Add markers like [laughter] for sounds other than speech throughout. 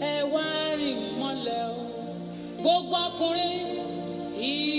ẹ wá rìn mọ́lẹ̀ o gbogbo ọkùnrin ìlú.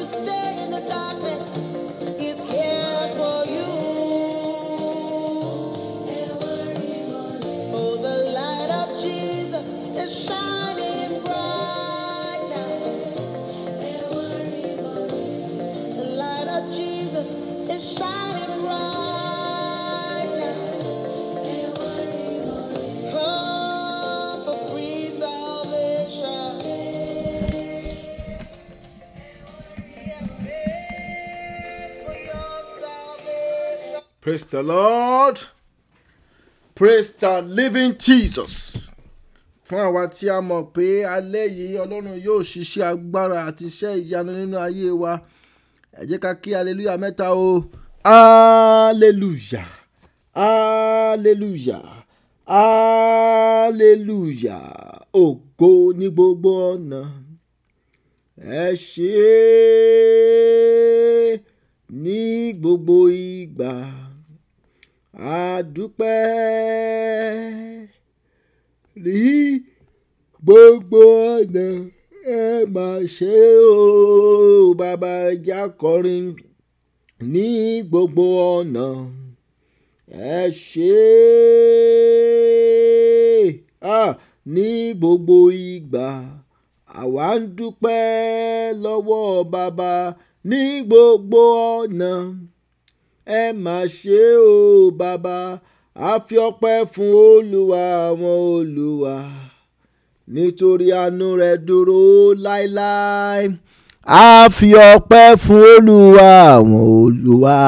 you stay in the darkness. Praise the Lord. Praise the living Jesus. Fún àwa tí a mọ̀ pé alẹ́ yìí Ọlọ́run yóò ṣiṣẹ́ agbára àti iṣẹ́ ìyanu nínú ayé wa. Ẹ jẹ́ ká kí aleluya mẹ́ta o. Aleluya. Aleluya. Aleluya. Ògo ní gbogbo ọ̀nà. Ẹ ṣe é ní gbogbo ìgbà àdúpẹ́ ní gbogbo ọ̀nà ẹ mà ṣe o bàbá ẹja kọrin ní gbogbo ọ̀nà ẹ ṣe ah, ní gbogbo ìgbà àwa ń dúpẹ́ lọ́wọ́ bàbá ní gbogbo ọ̀nà ẹ mà ṣe o bàbá a fi ọpẹ́ fún olúwa àwọn olúwa nítorí àánú rẹ̀ dúró láéláé a fi ọpẹ́ fún olúwa àwọn olúwa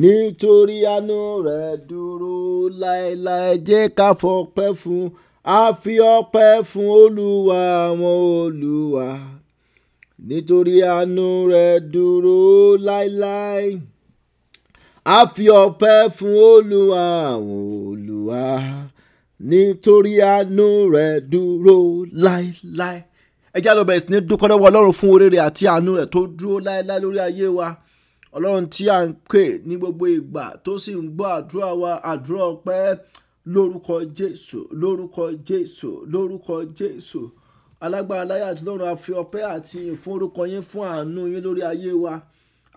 nítorí àánú rẹ̀ dúró láéláé jẹ́ ká fọpẹ́ fún a fi fún olúwa àwọn olúwa nítorí àánú rẹ̀ dúró láéláé a fi ọpẹ́ fún olúwa àwọn olúwa nítorí àánú rẹ̀ dúró láéláé ẹjẹ́ àlọ́ bẹ̀rẹ̀ sí ní dúpẹ́ lọ́wọ́ ọlọ́run fún oore àti àánú rẹ̀ tó dúró láéláé lórí ayé wa ọlọ́run tí a ń pè ní gbogbo ìgbà tó sì ń gbọ́ àdúrà wa àdúrà ọpẹ́ lórúkọ jésù lórúkọ jésù lórúkọ jésù alágbára láyà àti lọ́run a fi ọpẹ́ àti ìfún orúkọ yín fún àánú yín lórí ayé wa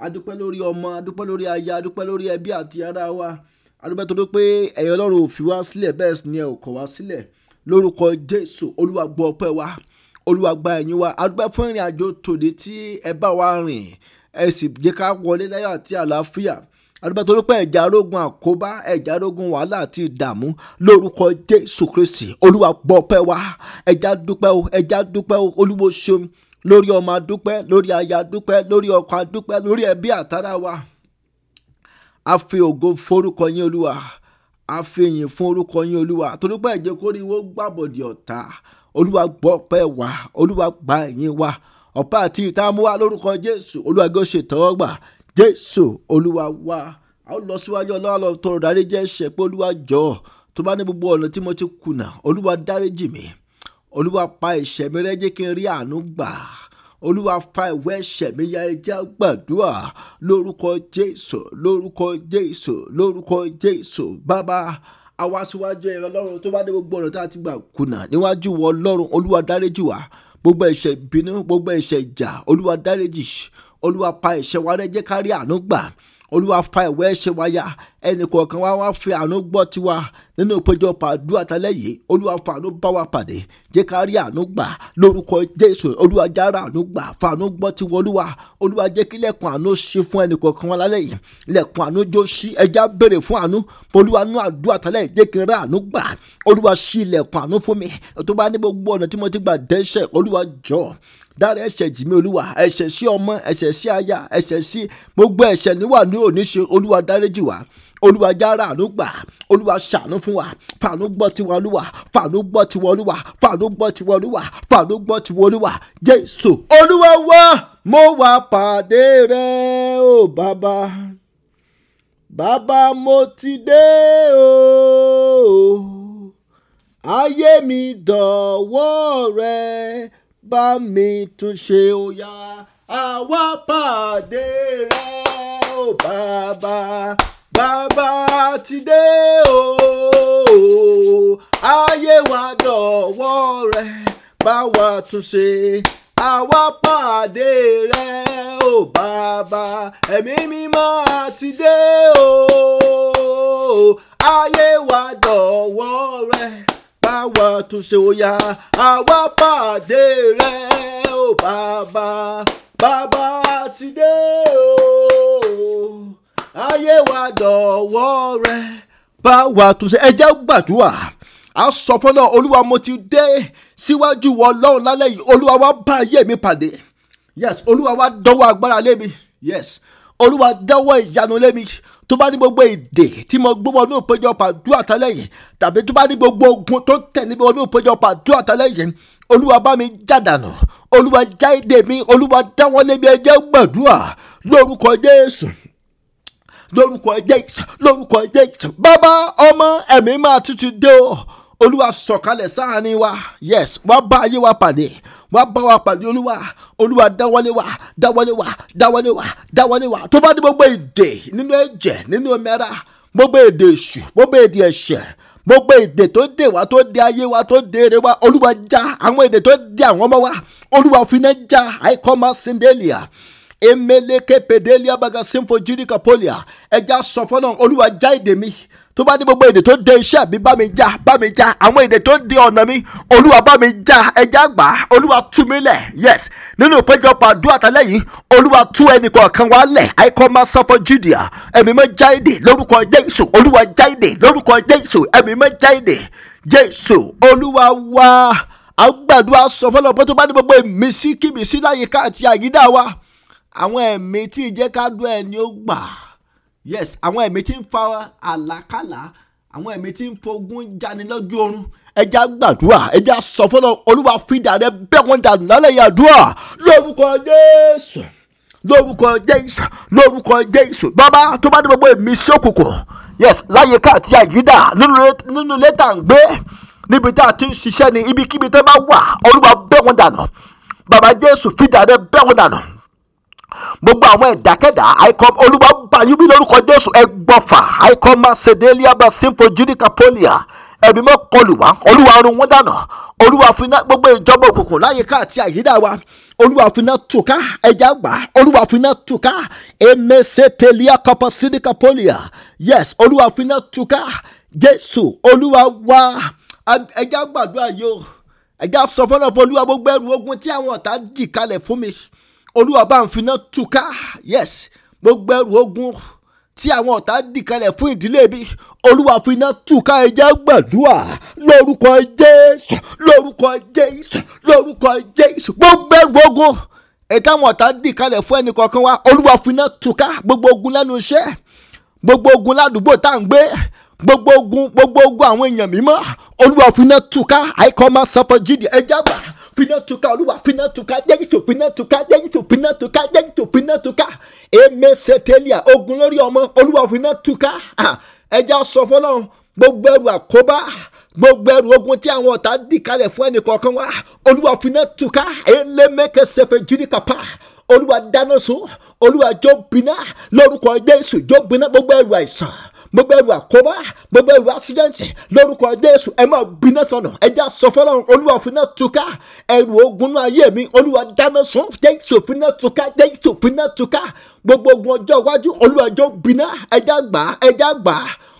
adúpẹ́ lórí ọmọ adúpẹ́ lórí aya adúpẹ́ lórí ẹbí àti ará wa adúpẹ́ tó dé pé ẹ̀yin ọlọ́run ò fi wá sílẹ̀ bẹ́ẹ̀ sì ni ẹ ò kọ̀ wá sílẹ̀ lórúkọ jésù olúwa gbọ́ ọpẹ́ wa olúwa gba ẹ̀yìn wa adúpẹ́ fún ìrìn àjò tòde tí ẹ bá wa rìn ẹ sì jẹ́ ká wọlé láyọ̀ àti àlàáfíà adúpẹ́ tó dúpẹ́ ẹ̀já arógun àkóbá ẹ̀já arógun wàhálà àti ìdààmú lórúkọ jésù kristi olúwa gbọ́ ọpẹ́ wa ẹ̀já dúpẹ́ o ẹ̀já dúpẹ́ o olúwo ṣeun lórí ọmọ adúpẹ́ lórí aya adúpẹ́ lórí ọkọ adúpẹ́ lórí ẹbí àtàrà wa a fi ògo forúkọ yín olúwa a fi ìyìn fún orúkọ yín olúwa torí pé ẹ̀jẹ̀ kórìíwó gbàbọ̀dì ọ̀tá olúwa gbọ́ ọpẹ́ wa olúwa gba ìyìn wa ọ̀pá àti ìtààmúwa lórúkọ jésù olúwa gbé ṣètọ́gbà jésù olúwa wa a ó lọ síwájú ọlọ́wà lọ tọrọ dárí jẹ́ ẹ̀ṣẹ̀ pé olúwa jọ tó bá ní gbogbo ọ̀nà tí mo ti kùnà olúwa dáríjì mi olúwa pa ẹ̀ṣẹ̀ mi rẹ́ jẹ́ kí n rí àánú gbà olúwa fa ìwé ẹ̀ṣẹ̀ mi ya ẹja gbàdúrà lórúkọ jésù lórúkọ jésù lórúkọ jésù bàbá àwa síwájú ẹ̀rọ ọlọ́run tó bá dé gbogbo ọ̀nà tá a ti gbà kùnà níwájú wọn ọlọ́run olúwa dáríjì wá gbogbo ẹ̀ṣẹ̀ ìbínú gbogbo ẹ̀ṣẹ̀ ìjà olúwa dáríjì olúwa pa ẹ̀ṣẹ̀ wa rẹ́ jẹ́ ká rí àánú gbà olúwa fa ìwé ẹ̀ṣẹ̀ wa ya ẹnì kọ̀ọ̀kan wa wá fi àánú gbọ́ tiwa nínú ìpéjọ pàdúrà tálẹ́ yìí olúwa fàánú bá wa pàdé jẹ́ ká rí àánú gbà lórúkọ jésù olúwa jára àánú gbà fàánú gbọ́ ti wọlúwa olúwa jẹ́ kí lẹ́kùn àánú ṣí fún ẹnì kọ̀ọ̀kan wa lálẹ́ yìí lẹ́kùn àánú jó ṣí ẹja béèrè fún àánú olúwa nú àdúrà tálẹ́ yìí jẹ́ kí n rá àánú gbà olúwa ṣí ilẹ̀kùn àánú fún mi tó bá ní gbogbo ọ̀nà tí mo ti gbà dẹ́ṣẹ̀ olúwa jọ dára ẹ̀ṣẹ̀ jì olúwa ẹ̀ṣẹ̀ sí ọmọ ẹ̀ṣẹ̀ sí aya ẹ̀ṣẹ̀ sí gbogbo ẹ̀ṣẹ̀ níwà ní òní ṣe olúwa dáríjì wá olúwa jára àánú gbà olúwa ṣàánú fún wa fàánú gbọ́ tiwọn olúwa fàánú gbọ́ tiwọn olúwa fàánú gbọ́ tiwọn olúwa fàánú gbọ́ tiwọn olúwa jésù olúwa wá mo wá pàdé rẹ o bàbá bàbá mo ti dé o ayé mi dọ̀wọ́ rẹ bá mi tún ṣe òyà àwa pàdé rẹ o bàbá bàbá ti dé o ayé wa dọ̀wọ́ rẹ̀ bá wa tún ṣe àwa pàdé rẹ̀ o bàbá ẹ̀mí mímọ́ ti dé o ayé wa dọ̀wọ́ rẹ̀ bá wa tún ṣe ó yá àwa pàdé rẹ̀ o bàbá bàbá ti dé o ayé wa dọ̀wọ́ rẹ bá wa tún ṣe ẹjẹ́ gbàdúrà a sọ fọlọ́ olúwa mo ti dé síwájú wọ lọ́run lálẹ́ yìí olúwa wa bá ayé mi pàdé yes olúwa wa dọ́wọ́ agbára lé mi yes olúwa dọ́wọ́ ìyanu lé mi tó bá ní gbogbo èdè tí mo gbọ́ wọnú ìpéjọpọ̀ àdúrà tẹ́lẹ̀yìn tàbí tó bá ní gbogbo ogun tó tẹ̀lé wọnú ìpéjọpọ̀ àdúrà tẹ́lẹ̀yìn olúwa bá mi jádànù olúwa já èdè mi olúwa dáwọ́lé mi ẹ jẹ́ gbàdúrà lórúkọ Jésù lórúkọ jésù lórúkọ jésù bàbá ọmọ ẹ̀mí máa tutù dé o olúwa sọ̀kalẹ̀ sáàárín wa yes wá bá ayé wa pàdé wá bá wa pàdé olúwa olúwa dáwọ́lé wa dáwọ́lé wa dáwọ́lé wa dáwọ́lé wa tó bá dé gbogbo èdè nínú ẹ̀jẹ̀ nínú ẹ̀mẹ́ra gbogbo èdè èṣù gbogbo èdè ẹ̀ṣẹ̀ gbogbo èdè tó dè wá tó dè ayé wa tó dè èrè wa olúwa já àwọn èdè tó dè àwọn ọmọ wa olúwa fi náà já àìkọ́ máa sin délìà emeleke pedelia baga sinfojirika polia ẹja sọ fọlọ olúwa já èdè mi tó bá ní gbogbo èdè tó de iṣẹ́ mi bá mi já bá mi já àwọn èdè tó de ọ̀nà mi olúwa bá mi já ẹja gbà olúwa tú mi lẹ̀ yes nínú ìpéjọpọ̀ àdúrà tálẹ̀ yìí olúwa tú ẹnì wá lẹ̀ àìkọ́ máa sọ fún judea ẹ̀mí mọ́ já èdè lórúkọ jésù olúwa já èdè lórúkọ jésù ẹ̀mí mọ́ já èdè jésù olúwa wá àgbàdo àsọfọlọpọ tó bá ní gbogbo ìmísí kìmísí láyìíká àti àyídá wa àwọn ẹ̀mí tí ìjẹ́kádùn ẹni ó gbà yes àwọn ẹ̀mí tí ń fa àlákàlà àwọn ẹ̀mí tí ń fogun jani lọ́jọ́ oorun ẹja gbàdúrà ẹja sọ fọlọ olúwa fìdá rẹ bẹ́ẹ̀ wọ́n dànù lálẹ́ yàdúrà lórúkọ jésù lórúkọ jésù lórúkọ jésù bàbá tó bá dé gbogbo èmi sí òkùnkùn yes láyìíká àti àyídà nínú létà ń gbé níbi tá a ti ń ṣiṣẹ́ ni ibikíbi tó bá wà olúwa bẹ́ẹ̀ wọ́n dànù bàbá jésù fìdá rẹ bẹ́ẹ̀ wọ́n dànù gbogbo àwọn ẹ̀dákẹ́dá àìkọ́ olúwa bàyún bí lórúkọ jésù ẹgbọ́fà àìkọ́ macedonia bá simple judica polia ẹ̀mí mọ́ kọlùwà olúwa run wọn dànù olúwa fúnná gbogbo ìjọba òkùnkùn láyìíká àti àyídá wa olúwa fúnná tùká ẹja gbà olúwa fúnná tùká telia kọpọ sidica polia yes olúwa fúnná tùká jésù olúwa wá ẹja gbàdúrà yìí o ẹja sọ fọlọ́pọ̀ olúwa gbogbo ẹrù ogun tí àwọn ọ̀tá dì kalẹ̀ fún mi olúwa bá ń finá túká yes gbogbo ẹrù ogun tí àwọn ọ̀tá dìkalẹ̀ fún ìdílé mi olúwa finá túká ẹjẹ́ gbàdúrà lórúkọ jésù lórúkọ jésù lórúkọ jésù gbogbo ẹrù ogun ètò àwọn ọ̀tá dìkalẹ̀ fún ẹnì kọ̀ọ̀kan wa olúwa finá túká gbogbo ogun lẹ́nu iṣẹ́ gbogbo ogun ládùúgbò tá à ń gbé gbogbo ogun gbogbo ogun àwọn èèyàn mímọ́ olúwa finá túká àìkọ́ máa sọ fún jíde ẹjẹ́ gbà finá tuka olúwa finá tuka jẹ́jìtò finá tuka jẹ́jìtò finá tuka jẹ́jìtò finá tuka èmi sètèlíà ogun lórí ọmọ olúwa finá tuka ah, ẹja sọ fọlọ́run gbogbo ẹrù àkóbá gbogbo ẹrù ogun tí àwọn ọ̀tá dì kalẹ̀ fún ẹnì kọ̀ọ̀kan wa olúwa finá tuka elémẹ́kẹ́ sẹ̀fẹ̀ jírikàpá olúwa dáná sun olúwa jó gbiná lórúkọ jésù jó gbiná gbogbo ẹrù àìsàn mo bẹ̀rù àkóbá mo bẹ̀rù àṣídẹ́ǹtì lórúkọ jésù ẹ máa gbiná sọnà ẹjẹ́ àsọfọ́lọ́run olúwa fún náà ẹrù ogun náà ayé mi olúwa dáná sun jésù fún náà túká jésù fún náà túká gbogbo ogun ọjọ́ iwájú olúwa jọ gbiná ẹjẹ́ àgbà ẹjẹ́ àgbà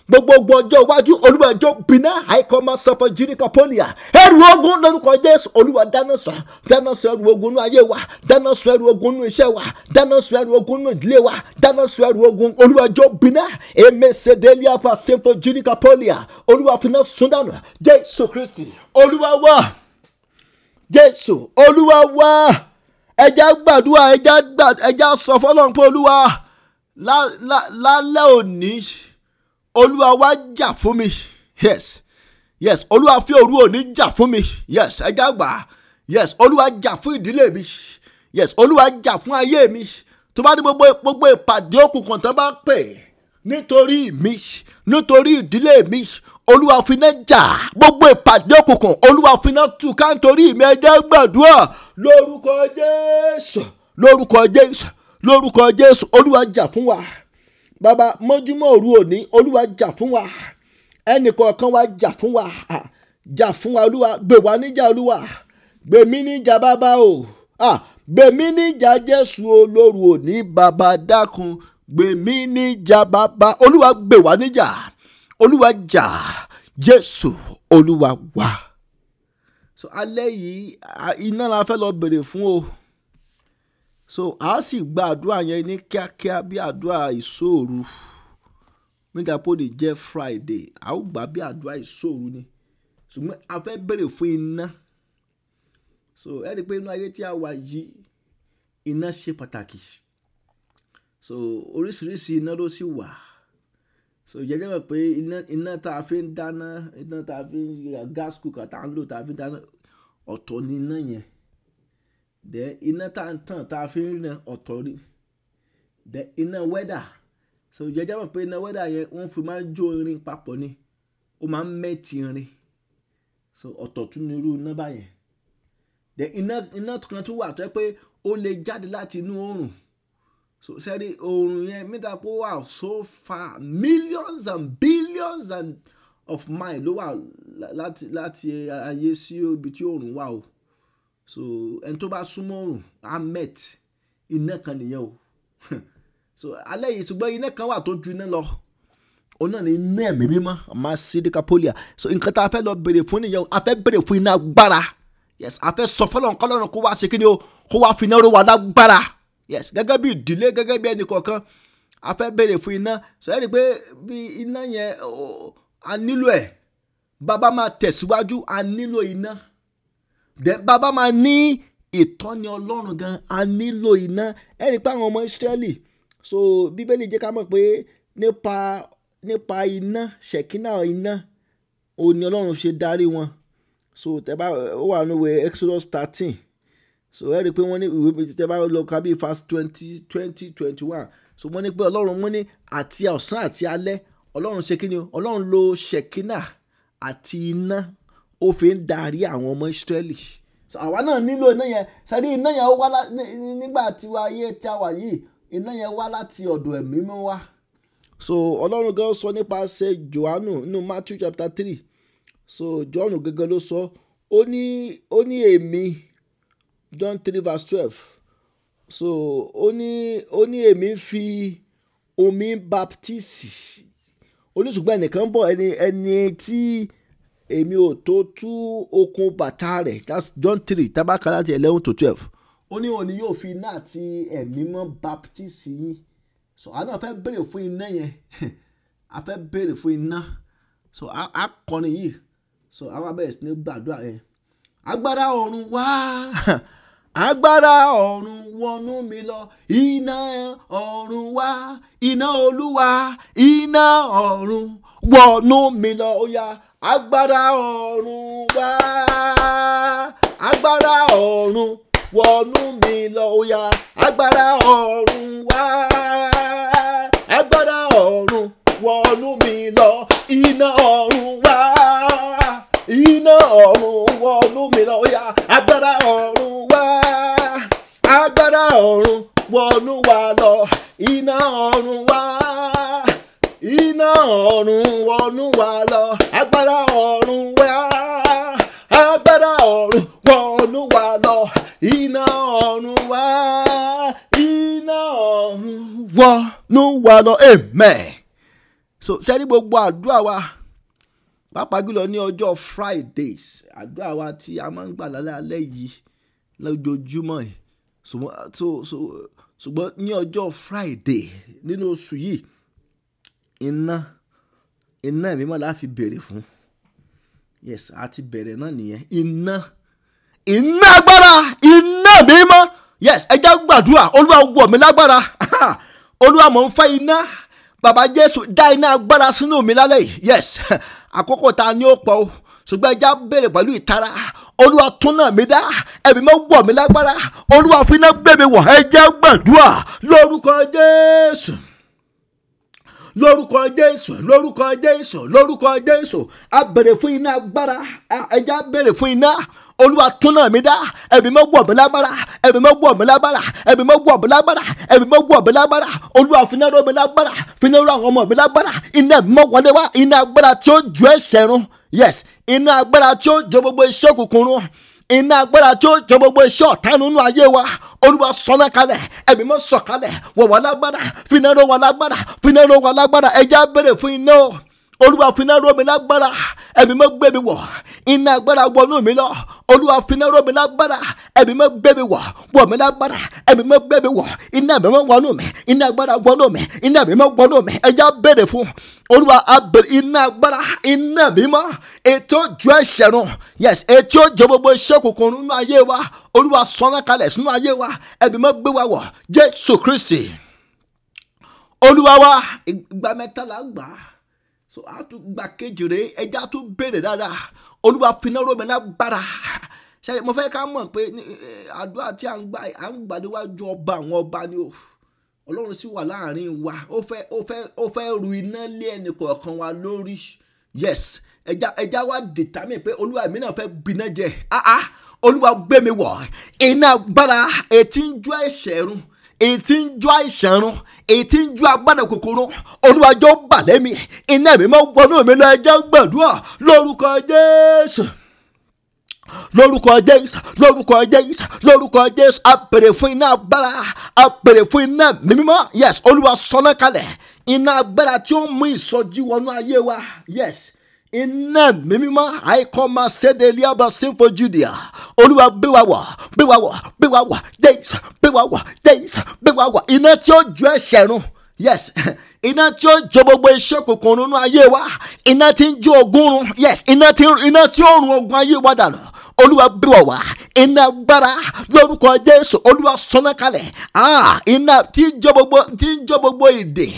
gbogbogbò ọjọ́ iwájú olúwa ẹjọ́ bínà àìkọ́mọ sọfọ jíríkà pọ́nìyà ẹrù ogun lórúkọ jésù olúwa dáná sọ dáná sọ ẹrù ogun nú ayé wa dáná sọ ẹrù ogun nú iṣẹ́ wa dáná sọ ẹrù ogun nú ìdílé wa dáná sọ ẹrù ogun olúwa bina bínà èmi sèdélé apá sẹfọ jíríkà pọ́nìyà olúwa fúnná sundanu jésù kristi olúwa wá jésù olúwa wá ẹja gbàdúrà ẹja sọ fọlọ́n pé olúwa La, la, la, la, la, olúwa wá jà fún mi yes yes olúwa fi òru òní jà fún mi yes ẹ já yes olúwa jà fún ìdílé mi yes olúwa jà fún ayé mi tó bá ní gbogbo gbogbo ìpàdé òkùnkùn tó bá pè nítorí mi nítorí ìdílé mi olúwa finá jà gbogbo ìpàdé òkùnkùn olúwa finá tú ká nítorí mi ẹjẹ gbàdúrà lórúkọ jésù lórúkọ jésù lórúkọ jésù olúwa jà fún wa. Baba, mọ́júmọ́ òru òní olúwa jà fún wa ẹnì kọ̀ọ̀kan wa jà fún wa jà fún wa olúwa gbè wá níjà olúwa gbè mí níjà bàbá o gbè mí níjà jésù olóru òní bàbá dákun gbè mí níjà bàbá olúwa gbè wá níjà olúwa jà jésù olúwa wá. so alẹ́ yìí iná la fẹ́ lọ bèrè fún o so a sì gba àdúrà yẹn ní kíákíá bí àdúrà ìṣòru megapoli jẹ́ friday a ó gbà bí àdúrà ìṣòru ni ṣùgbọ́n a fẹ́ bèrè fún iná so ẹ rí i pé inú ayé tí a wà yìí iná ṣe pàtàkì so oríṣiríṣi iná ló sì wà so jẹjẹ mọ̀ pé iná iná tá a fi ń dáná iná tá a fi ń gas cooker tá a ń lò tá a fi ń dáná ọ̀tọ̀ ni iná yẹn then iná tá à ń tàn tá a fi ń rìnà ọ̀tọ̀ rí then iná wẹ́dà so jẹjẹ mọ̀ pé iná wẹ́dà yẹn wọ́n fi máa ń jó irin papọ̀ ni ó máa ń mẹ́tì irin so ọ̀tọ̀ tún ni irú iná báyẹn then iná iná kan tún wà tó yẹ pé ó lè jáde láti inú oòrùn so sẹ́rí oòrùn yẹn mítà pé wà so far millions and billions and of mile ló wà láti láti ayé sí ibi tí oòrùn wà o. Wow so ẹni tó bá súnmọ́ òrùn amet iná kan nìyẹn o [laughs] so alẹ́ yìí ṣùgbọ́n iná kan wà tó ju iná lọ òun náà ni iná ẹ̀mí mímọ́ ọmọ sídìkà pólíà so nǹkan tá a fẹ́ lọ béèrè fún nìyẹn o a fẹ́ béèrè fún iná agbára yes a fẹ́ sọ fọlọ́n kọ́lọ́run kó wá ṣe kí ni o kó wá fi iná ró wa lágbára yes gẹ́gẹ́ bí ìdílé gẹ́gẹ́ bí ẹnì kọ̀ọ̀kan a fẹ́ béèrè fún iná sọ yẹ́ rí i pé bí iná yẹn a nílò ẹ̀ bàbá máa tẹ̀síwájú a nílò iná bàbá máa ní ìtọ́ni ọlọ́run gan a nílò iná ẹ rí i pé àwọn ọmọ Ísírẹ́lì so bíbélì jẹ́ ká mọ̀ pé nípa nípa iná ṣẹ̀kínà iná òní ọlọ́run ṣe darí wọn so tẹ́ bá ó wà níwèé Exodus thirteen so ẹ rí i pé wọ́n ní ìwé tẹ́ lọ ká bíi verse twenty twenty twenty one so wọ́n ní pé ọlọ́run mú ní àti ọ̀sán àti alẹ́ ọlọ́run ṣe kí ni ọlọ́run lo ṣẹ̀kínà àti iná ó fi ń darí àwọn ọmọ Ísírẹ́lì àwa náà nílò iná yẹn sẹ́rí iná yẹn wá nígbà tí wàá yé tí a wà yìí iná yẹn wá láti ọ̀dọ̀ ẹ̀mí mú wá. so ọlọ́run gan sọ nípasẹ̀ johannu nínú matthew chapter three so johannu gangan ló sọ ó ní ó ní èmi john three verse twelve so ó ní ó ní èmi fi omi baptisi oníṣùgbọ́n ẹnìkan bọ̀ ẹni ẹni tí èmi ò tó tú okùn bàtà rẹ̀ that's John three tabaka láti eleven to twelve ó ní òní yóò fi iná àti ẹ̀mí mọ́ baptisi yín so àná a fẹ́ béèrè fún iná yẹn [laughs] a fẹ́ béèrè fún iná so a kọrin yìí so a wá bẹ̀rẹ̀ sí ní gbàdúrà yẹn agbára ọ̀run wá [laughs] agbára ọ̀run wọnú mi lọ iná ọ̀run wá iná olúwa iná ọ̀run wọnú mi lọ ó yá agbára ọ̀run wá agbára ọ̀run wọnú mi lọ ó yá agbára ọ̀run wá agbára ọ̀run wọnú mi lọ iná ọ̀run wá iná ọ̀run wọnú mi lọ ó yá agbára ọ̀run wá agbára ọ̀run wọnú wa lọ iná ọ̀run wá iná ọ̀run wọnú wa lọ agbára ọ̀run wá agbára ọ̀run wọnú wa lọ iná ọ̀run wá iná ọ̀run wọnú wa lọ amen. so sẹ́ni gbogbo àdúrà wa pàápàá jùlọ ní ọjọ́ fridays àdúrà wa tí a máa ń gbà lálẹ́ alẹ́ yìí lójoojúmọ́ yìí ṣùgbọ́n ní ọjọ́ friday nínú oṣù yìí iná iná ẹ̀mí mọ́ la fi béèrè fún yes àti bẹ̀rẹ̀ náà nìyẹn iná iná agbára iná ẹ̀mí mọ́ yes ẹja gbàdúrà olúwa wọ̀ mí lágbára [laughs] olúwa mò ń fẹ́ iná bàbá jésù dá iná agbára sínú mi lálẹ́ yìí yes [laughs] àkókò ta ni ó pọ̀ o ṣùgbọ́n ẹja béèrè pẹ̀lú ìtara olúwa tún náà mi dá ẹ̀mí mọ́ wọ̀ mí lágbára olúwa fi iná gbé mi wọ̀ ẹja gbàdúrà lórúkọ jésù lórúkọ jésù lórúkọ jésù lórúkọ jésù a bèrè fún iná agbára ẹja a bèrè fún iná olúwa túnà mi dá ẹbí mọ gbọ ọbẹlágbára ẹbí mọ gbọ ọbẹlágbára ẹbí mọ gbọ ọbẹlágbára ẹbí mọ gbọ ọbẹlágbára olúwa finaro mi lágbára finaro àwọn ọmọ mi lágbára iná mi mọ wọlé wá iná agbára tí ó ju ẹsẹ̀ run yes iná agbára tí ó jọ gbogbo iṣẹ́ òkùnkùn iná agbára tí ó jẹ gbogbo iṣẹ́ ọ̀tá nínú ayé wa olúwa sọ̀nà kalẹ̀ ẹ̀mí mọ́ sọ̀kalẹ̀ wọ̀ wá lágbára fínà ló wà lágbára fínà ló wà lágbára ẹja bèrè fún iná o olúwa fina rọ̀ mí lágbára ẹ̀mí mọ́ gbé mi wọ̀ iná agbára wọnú mi lọ olúwa finá rọ̀ mí lágbára ẹ̀mí mọ́ gbé mi wọ̀ wọ̀ mí lágbára ẹ̀mí mọ́ gbé mi wọ̀ iná mi mọ́ wọnú mi iná agbára wọnú mi iná mi mọ́ wọnú mi ẹja béèrè fún olúwa abèrè iná agbára iná mi mọ́ ètò ojú ẹ̀ṣẹ̀ run yes ètò ojú gbogbo iṣẹ́ kòkòrò nínú ayé wa olúwa sọ́nà kalẹ̀ sínú ayé wa ẹ̀mí mọ́ gbé wa wọ̀ jésù kristi olúwa wa ìgbà mẹ́ta là ń so a tún gba kejì rè ẹja tún béèrè dáadáa olúwa finá rómi lágbára ṣe mo fẹ́ ká mọ̀ pé eh, àdúrà tí à ń gbà à ń gbà níwájú ọba àwọn ọba ni o ọlọ́run sì wà láàrin wa ó fẹ́ ó fẹ́ ó fẹ́ ru iná lé ẹnì kọ̀ọ̀kan wa lórí yes ẹja ẹja wa determine pé olúwa èmi náà fẹ́ gbiná jẹ ah ah olúwa gbé mi wọ̀ iná agbára ètí ń jó ẹ̀ṣẹ̀ run èyí tí ń jó àìsàn rún èyí tí ń jó agbádà kòkòrò olúwàjọ gbàlẹ́mì iná mi máa wọnú mi lọ ẹjẹ́ gbàdúrà lórúkọ jésù lórúkọ jésù lórúkọ jésù lórúkọ jésù a pèrè fún iná agbára a pèrè fún iná mímímọ́ yes olúwa sọ́nà kalẹ̀ iná agbára tí ó mú ìsọjí wọnú ayé wa yes iná mímímọ́ àìkọ́má sédèlíà bá sínfò judea olúwa gbé wa wọ̀ gbé wa wọ̀ gbé wa wọ̀ jésù gbé wa wọ̀ jésù gbé wa wọ̀ iná tí ó ju ẹ̀ṣẹ̀ run yes [laughs] iná tí ó jó gbogbo iṣẹ́ kòkòrò nínú ayé wa iná tí ń jó ogún run yes iná tí ó run ogun ayé wa dànù olúwa bí wà wá iná agbára lórúkọ jésù olúwa sọnà kalẹ̀ ah, iná tí ń jó gbogbo tí ń jó gbogbo èdè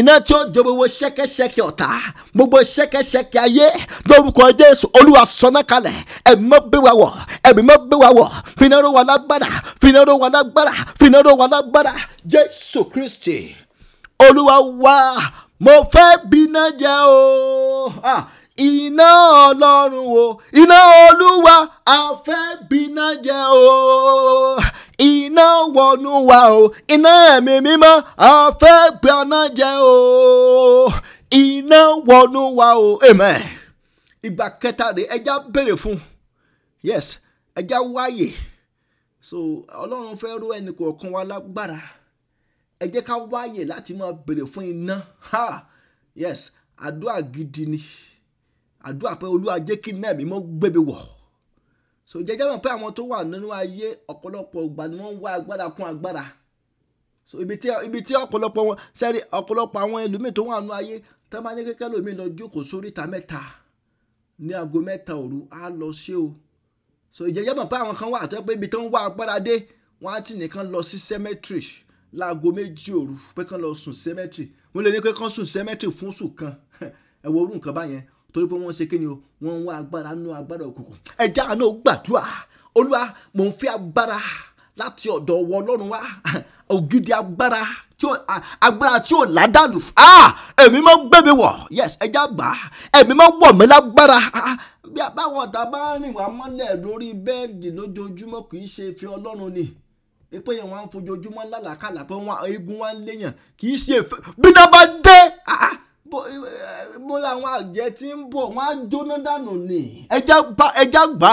iná tí ó jó gbogbo ṣẹ́kẹ́ṣẹkẹ̀ ọ̀tá gbogbo ṣẹ́kẹ́ṣẹkẹ̀ ayé lórúkọ jésù olúwa sọnà kalẹ̀ ẹ̀mí mọ́ bí wà wọ̀ ẹ̀mí mọ́ bí wà wọ̀ finaro wà lágbára finaro wà lágbára finaro wà lágbára jésù kristi olúwa wá mo fẹ́ bínú jẹ́ Ah iná ọlọ́run o iná olúwa àfẹ́bínà jẹ́ o iná wọnú wa o iná ẹ̀mí mímọ́ àfẹ́bínà jẹ́ o iná wọnú wa o amen ìgbà kẹta rèé ẹja béèrè fún yes ẹja wáyè so ọlọ́run fẹ́ ró ẹnì kọ̀ọ̀kan wa lágbára ẹ jẹ́ ká wáyè láti máa béèrè fún iná ha yes àdúrà gidi ni àdúrà pé olúwa jẹ́ kí náà mímọ́ gbébi wọ̀ so jẹjẹ mọ̀ pé àwọn tó wà nínú ayé ọ̀pọ̀lọpọ̀ ìgbà ni wọ́n ń wá agbára kún agbára so ibi tí ibi tí ọ̀pọ̀lọpọ̀ wọn sẹ́rí ọ̀pọ̀lọpọ̀ àwọn ẹlòmíì tó wà nínú ayé tá bá ní kékeré lómi lọ jókòó sórí ìta mẹ́ta ní aago mẹ́ta òru á lọ ṣé o so ìjẹjẹ mọ̀ pé àwọn kan wà àtọ́ pé ibi tó ń wá agbára dé wọ́n á tì nìkan lọ sí cemetery láago méjì òru pé kán lọ sùn cemetery mo lè ní pé kán sùn cemetery fún sùn kan [laughs] ẹ wo orú nǹkan báyẹn torí pé wọ́n ṣe kí ni o wọ́n ń wá agbára nú agbára òkùnkùn ẹja àánú gbàdúrà olúwa mò ń fi agbára láti ọ̀dọ̀ ọwọ́ ọlọ́run wá ògidì agbára tí ó agbára tí ó ládàlù ẹ̀mí máa ń gbé mi wọ̀ yes ẹja gbà ẹ̀mí máa ń wọ̀ mí lágbára bí abáwọn ọ̀tá bá rìn wá mọ́lẹ̀ lórí bẹ́ẹ̀dì lójoojúmọ́ kì í ṣe fi ọlọ́run ni pé yẹn wọn á fojoojúmọ́ lálàkàlà pé wọn eégún wa ń léyàn kì í ṣe bí náà bá dé mo làwọn àjẹ́ tí ń bọ̀ wọ́n á jóná dànù ni. ẹja gbà ẹja gbà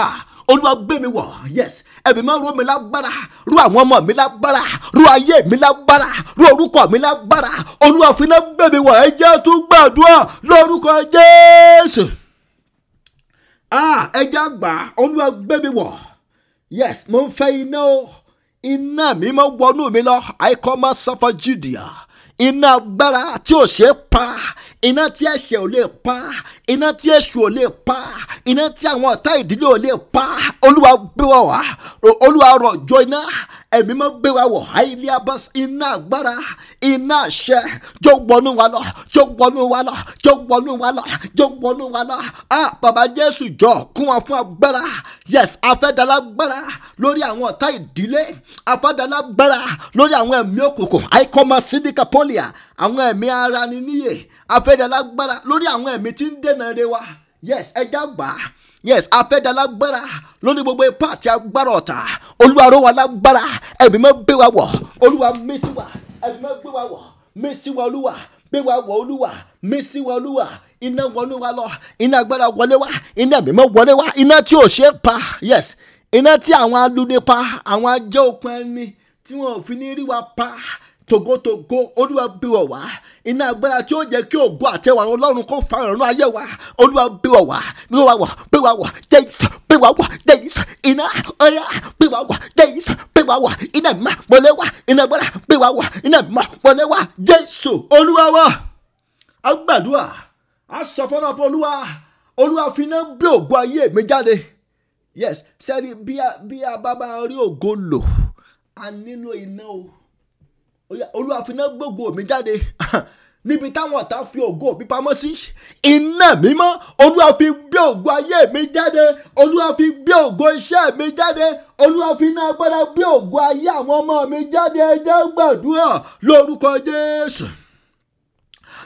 olúwa gbé mi wọ̀ yes ẹ̀mí máa ń ro mi lágbára ro àwọn ọmọ mi lágbára ro ayé mi lágbára ro orúkọ mi lágbára olúwa fínà gbé mi wọ̀ ẹjẹ́ tún gbàdúrà lórúkọ jésù. Ah, ẹja gbà olúwa gbé mi wọ̀ yes mo ń fẹ́ iná iná mi máa wọnú mi lọ àìkọ́ máa sọ fún jùdíà iná agbára tí ò ṣe é pa iná tí ẹ̀ṣẹ̀ ò lè pa iná tí èṣù ò lè pa iná tí àwọn ọ̀tá ìdílé ò lè pa olúwa gbé wa wá olúwa rọ̀jò iná ẹ̀mí mọ́ gbé wa wọ̀ àìlí abọ́s iná agbára iná àṣẹ jó wọnú wa lọ jó wọnú wa lọ jó wọnú wa lọ jó wọnú wa lọ a bàbá jésù jọ kún wa fún agbára yes afẹ́dalágbára lórí àwọn ọ̀tá ìdílé afẹ́dalágbára lórí àwọn ẹ̀mí òkùnkùn àìkọ́mọ sídìkà pọ́lìà àwọn ẹ̀mí ara ni níyè afẹ́dalágbára lórí àwọn ẹ̀mí tí ń dènà re yes ẹja gbàá yes afẹ́dá lágbára lórí gbogbo ipá àti agbára ọ̀tá olúwa ró wa lágbára ẹ̀mí mọ́ gbé wa wọ̀ olúwa mí sí wa ẹ̀mí mọ́ gbé wa wọ̀ mí sí wa olúwa gbé wa wọ̀ olúwa mí sí wa olúwa iná wọnú wa lọ iná agbára wọlé wa iná ẹ̀mí mọ́ wọlé wa iná tí ò ṣe é pa yes iná tí àwọn alúnipa àwọn ajẹ́ òkun ẹni tí wọn ò fi ní rí wa pa tògótògó olúwa bí wọ̀ wá iná agbára tí ó jẹ́ kí ògo àtẹwà ọlọ́run kó fa ìrànlọ́ ayé wa olúwa bí wọ̀ wá bí wọ̀ wá bí wọ̀ wá jẹ́yìísà bí wọ̀ wá jẹ́yìísà iná ọ̀yà bí wọ̀ wá jẹ́yìísà bí wọ̀ wá iná mímọ́ wọlé wá iná agbára bí wọ̀ wá iná mímọ́ wọlé wá jésù olúwa wa a gbàdúrà a olúwa olúwa fi iná bí ògo ayé mi jáde yes sẹ́ni bí a bá máa rí ògo lò a nílò iná o olúwa fi iná gbògo mi jáde [laughs] níbi táwọn ọ̀tá fi ògo mi pamọ́ sí iná mímọ́ olúwa fi gbé ògo ayé mi jáde olúwa fi gbé ògo iṣẹ́ mi jáde olúwa fi iná agbára gbé ògo ayé àwọn ọmọ mi jáde ẹ jẹ́ gbàdúrà lórúkọ jésù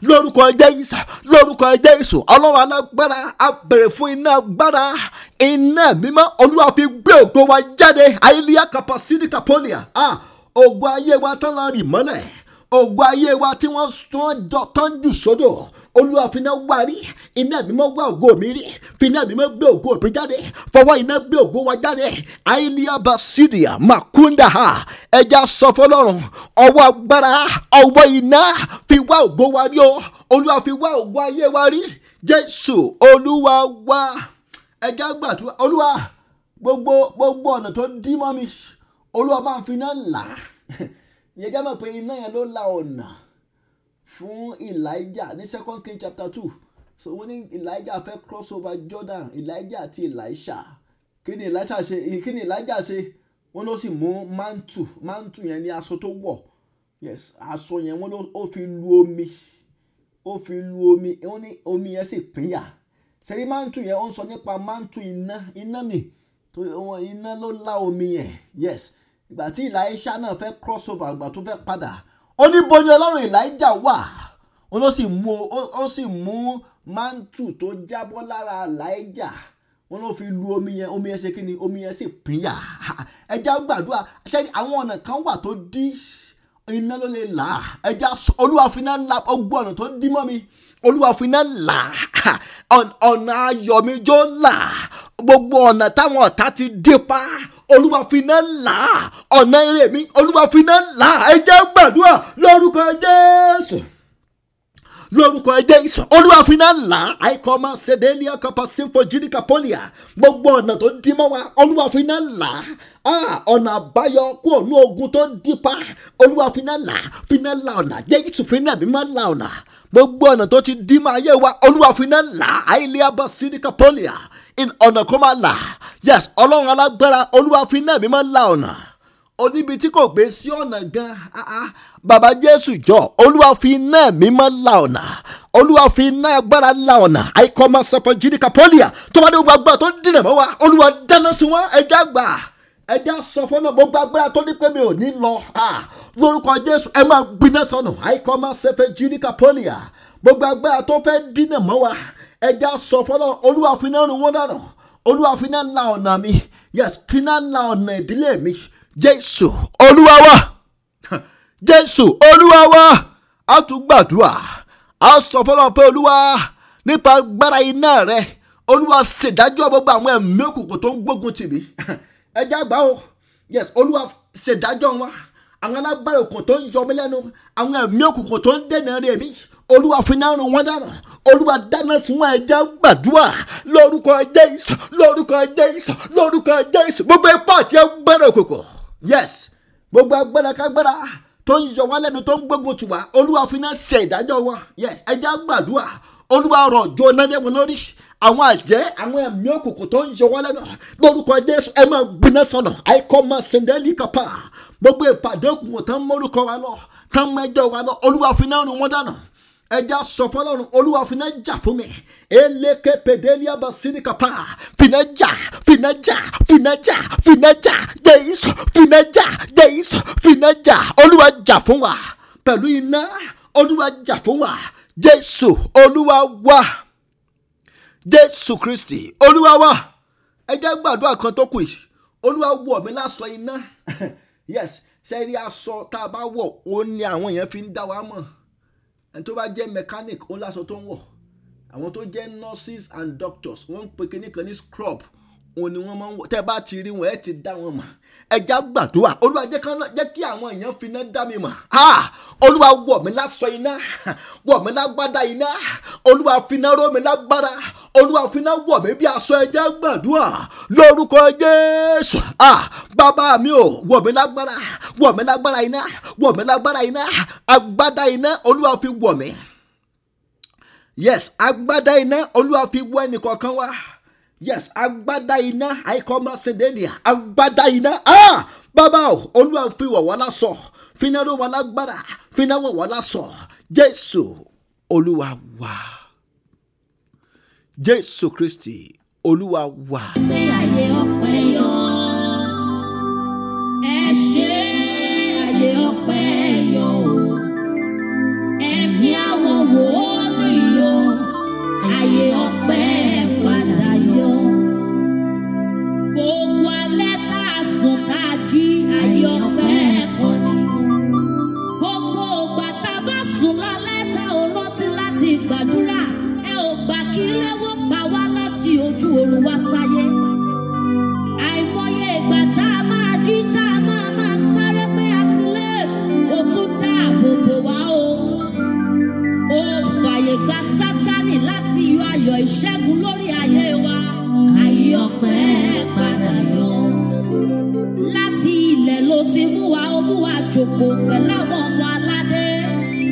lórúkọ jésù lórúkọ jésù ọlọ́run alágbára a bèrè fún iná agbára iná mímọ́ olúwa fi gbé ògo wa jáde ayélujára kapasíní kaponia. Ah ògo ayé wa tán lọ rì mọ́lẹ̀ ògo ayé wa tí wọ́n tán jù sódò olúwa fina wá rí iná mímọ́ wá ògo mi rí fina mímọ́ gbé ògo mi jáde fọwọ́ iná gbé ògo wa jáde àìlíyà basidia makunda ha ẹja sọ fọlọ́run ọwọ́ agbára ọwọ́ iná fi wá ògo wa rí o olúwa fi wá ògo ayé wa rí jésù olúwa wá ẹja gbàtú olúwa gbogbo gbogbo ọ̀nà tó dí mọ́ mi olúwa máa ń fi iná là á [laughs] ìyẹn jẹ́ mọ̀ pé iná yẹn ló la ọ̀nà fún Elijah ní second king chapter two so wọ́n ní Elijah fẹ́ cross over Jordan Elijah àti Elisha kí ni Elisha ṣe kí ni Elijah ṣe wọ́n ló sì mú mantu mantu yẹn ní aṣọ tó wọ̀ yes aṣọ yẹn wọ́n ló ó fi lu omi ó fi lu omi wọ́n ní omi yẹn sì pínyà sẹ́rí mantu yẹn ó ń sọ nípa mantu iná iná nì iná ló la omi yẹn yes ìgbà tí Èlíṣà náà fẹ́ cross over ìgbà tó fẹ́ padà ó ní bóyá ọlọ́run Èlíjà wà ó ló sì mú ó sì mú mántù tó jábọ́ lára Èlíjà wọn ló fi lu omi yẹn omi yẹn ṣe kí ni omi yẹn sì pínyà ẹ já gbàdúrà ṣé àwọn ọ̀nà kan wà tó dí iná ló lè là á ẹja olúwa fi iná là ọgbọ́n ọ̀nà tó dí mọ́ mi olúwa fi iná là á ọ̀nà ayọ̀ mi jó là á gbogbo ọ̀nà táwọn ọ̀tá ti dé pa olúwa fi iná là á ọ̀nà eré mi olúwa fi iná là á ẹ jẹ́ gbàdúrà lórúkọ jésù lórúkọ Jésù olúwa fi náà là àìkọ́ máa ṣẹ̀dẹ̀ ní akọ́pá sínfò jíríkà pọ́lìà gbogbo ọ̀nà tó dí mọ́ wa olúwa fi náà là ọ̀nà àbáyọ kú ònú ogun tó dípa olúwa fi náà là fi náà là ọ̀nà Jésù fi náà mi máa là ọ̀nà gbogbo ọ̀nà tó ti dí mọ́ ayé wa olúwa fi náà là àìlè abọ́ síríkà pọ́lìà ọ̀nà kó máa là yes ọlọ́run alágbára olúwa fi náà mi máa là ọ̀nà oníbi tí kò gbé sí ọ̀nà gan-an ah, ah, Baba jésù jọ olúwa fi iná mímọ́ la ọ̀nà olúwa fi iná agbára la ọ̀nà àìkọ́ máa sọ fún jíríkà pọ́lìà tó bá dé gbogbo agbára tó dìnnà mọ́ wa olúwa dáná sun wọn ẹja gbà ẹja sọ fọ́nà gbogbo agbára tó ní pé mi ò ní lọ lórúkọ jésù ẹ máa gbiná sọnù àìkọ́ máa sọ fún jíríkà pọ́lìà gbogbo agbára tó fẹ́ dìnnà mọ́ wa ẹja sọ fọ́nà olúwa fi iná rún wọn dànù olúwa fi iná la ọ̀nà mi yes fi iná la ọ̀nà ìdílé mi jésù olúwa wa jésù olúwa wa a tún gbàdúrà a sọ fọlọ́n pé olúwa nípa agbára iná rẹ olúwa ṣèdájọ́ gbogbo àwọn ẹ̀mí òkùnkùn tó ń gbógun tì mí [laughs] ẹja gbà o yes olúwa ṣèdájọ́ wa àwọn alágbára òkùnkùn tó ń yọ mí lẹ́nu àwọn ẹ̀mí òkùnkùn tó ń dènà rẹ̀ mí olúwa fúnná ràn wọ́n dáná olúwa dáná sí wọn ẹja gbàdúrà lórúkọ jésù lórúkọ jésù lórúkọ jésù gbogbo ipá àti agbára òkùnkùn yes gbogbo agbára kágbára tó ń yọ wá lẹ́nu tó ń gbógun tì wá olúwa fi náà ṣe ìdájọ́ wa yes ẹja gbàdúrà olúwa rọ̀ jọ náírà wọn lórí àwọn àjẹ́ àwọn ẹ̀mí òkùnkùn tó ń yọ wá lẹ́nu lórúkọ jésù ẹ máa gbiná sọnà àìkọ́ máa sèndẹ́lì kápá gbogbo ìpàdé òkùnkùn tó ń mórúkọ wa lọ tó ń mẹjọ wa lọ olúwa fi náà rún wọn dànù ẹja sọ fọlọ́run olúwa fìnnà jà fún mi eléke pèdélé abasini kapa fina jà fina jà fìnnà jà fìnnà jà jẹ́yìísọ fìnnà jà jẹ́yìísọ fìnnà jà olúwa jà fún wa pẹ̀lú iná olúwa jà fún wa jésù olúwa wá jésù kristi olúwa wá ẹjẹ gbàdúrà kan tó kù olúwa wọ̀ mí láṣọ iná [laughs] yes ṣe rí aṣọ tá a bá wọ̀ ó ní àwọn yẹn fi ń dá wa mọ̀ ẹni tó bá jẹ́ mechanic ó láṣọ tó ń wọ̀ àwọn tó jẹ́ nurses and doctors wọ́n ń pe kinní kan ní scrub wọn ni wọ́n máa ń wọ tẹ́ bá ti rí wọn ẹ ti dá wọn mọ̀ ẹja gbàdúrà olúwa jẹ́ kán jẹ́ kí àwọn èèyàn finá dá mi mọ̀ olúwa wọ̀ mí lásọ iná wọ̀ mí lágbádá iná olúwa finá ró mi lágbára olúwa finá wọ̀ mí bí aṣọ ẹja gbàdúrà lórúkọ jésù bàbá mi ò wọ̀ mí lágbára wọ̀ mí lágbára iná wọ̀ mí lágbára iná agbádá iná olúwa fi wọ̀ mí yes agbádá iná olúwa fi wọ̀ ẹnì kọ̀ọ̀kan wá yes agbádá iná àìkọ́mọ́ sẹ́dẹ́lìà agbádá iná ah bàbá o olúwa fi wà wá lásọ fináwó wà lágbára fináwó wà lásọ jésù olúwa wà jésù kristi olúwa wà. ilé ayé ọpẹ́ yẹn.